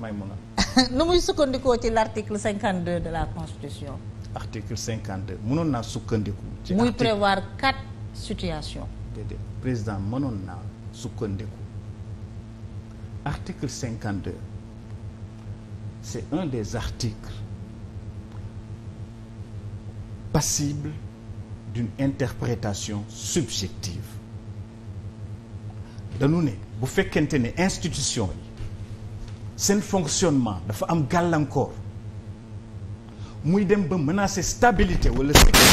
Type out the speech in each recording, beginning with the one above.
Maïmouna. nu muy sukkandikoo ci l' article cinquante deux de la constitution. article cinquante mënoon naa sukkandiku. ci muy prévoir quatre situations. président mënoon naa sukkandiku article cinquante est un des articles passible d'une interprétation subjective dañu ne bu fekkente ne institution yi. seen fonctionnement dafa am gàllankoor muy dem ba menacer stabilité wala sécurité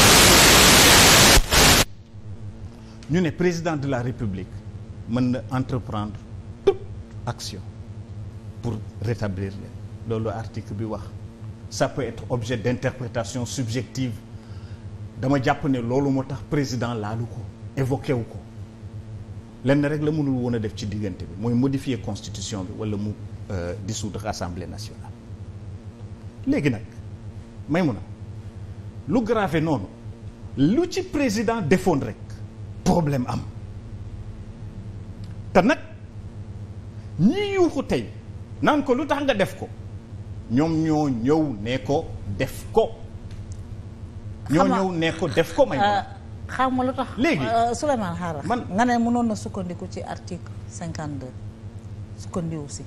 ñu ne président de la république mën na entreprendre toute action pour rétablir leen loolu article bi wax ça peut être objet d'interprétation subjective dama jàpp ne loolu moo tax président laalu ko évoqué wu ko lenn rek la mënul woon a def ci diggante bi mooy modifier constitution bi wala mu di euh, dissoudre assemblée nationale léegi nag may mun a lu grave noonu lu ci président defoon rek problème am te nag ñi yuuxu tey naan ko lu tax nga def ko ñoom ñoo ñëw ne ko def ko ñoo ñëw ne ko def ko may mun euh, xam nga lu tax léegi euh, Souleymane xaaral man nga ne mënoon na sukkandiku ci article cinquante deux sukkandiku si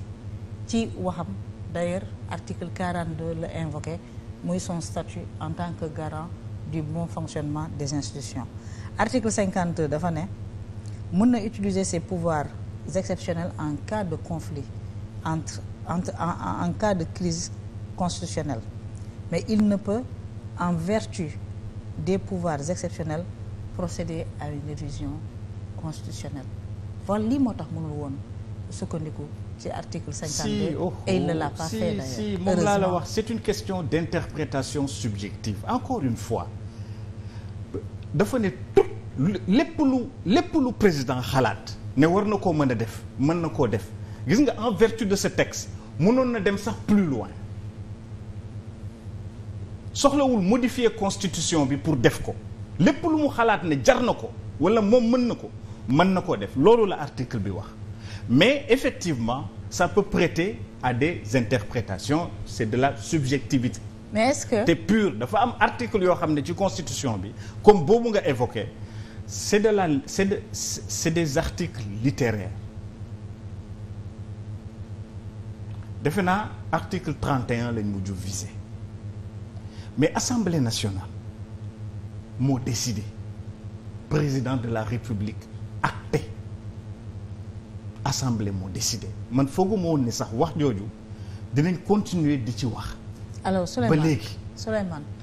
ci waxam d'ailleurs article quarante deux la invoqué muy son statut en tant que garant du bon fonctionnement des institutions article cinquante deux dafa ne mën na utiliser ses pouvoirs exceptionnels en cas de conflit entre en, en, en cas de crise constitutionnelle mais il ne peut en vertu des pouvoirs exceptionnels procéder à une révision constitutionnelle voilà lii moo tax mënul woon sukkandiku ci article 52 si, oh, et il ne oh, l'a si, si moom laa la wax c'est une question d'interprétation subjective encore une fois dafa ne tout lépp lu lépp lu président xalaat ne war na koo mën a def mën na koo def gis nga en vertu de sa ce mu mënoon na dem sax plus loin soxlawul modifier constitution bi pour def ko lépp lu mu xalaat ne jar na ko wala moom mën na ko mën na koo def loolu la article bi wax mais effectivement sa peut prêter à des interprétations c'est de la subjectivité mais te pur dafa am article yoo xam ne ci constitution bi comme boobu nga évoqué c'est de la c'est de c'est des articles littéraires defe naa article 31 lañ mujj visé mais Assemblée nationale moo décidé président de la république acté assemblée moo décidé man fooguma woon ne sax wax jooju dinañ continuer di ci wax. alors Souleymane ba léegi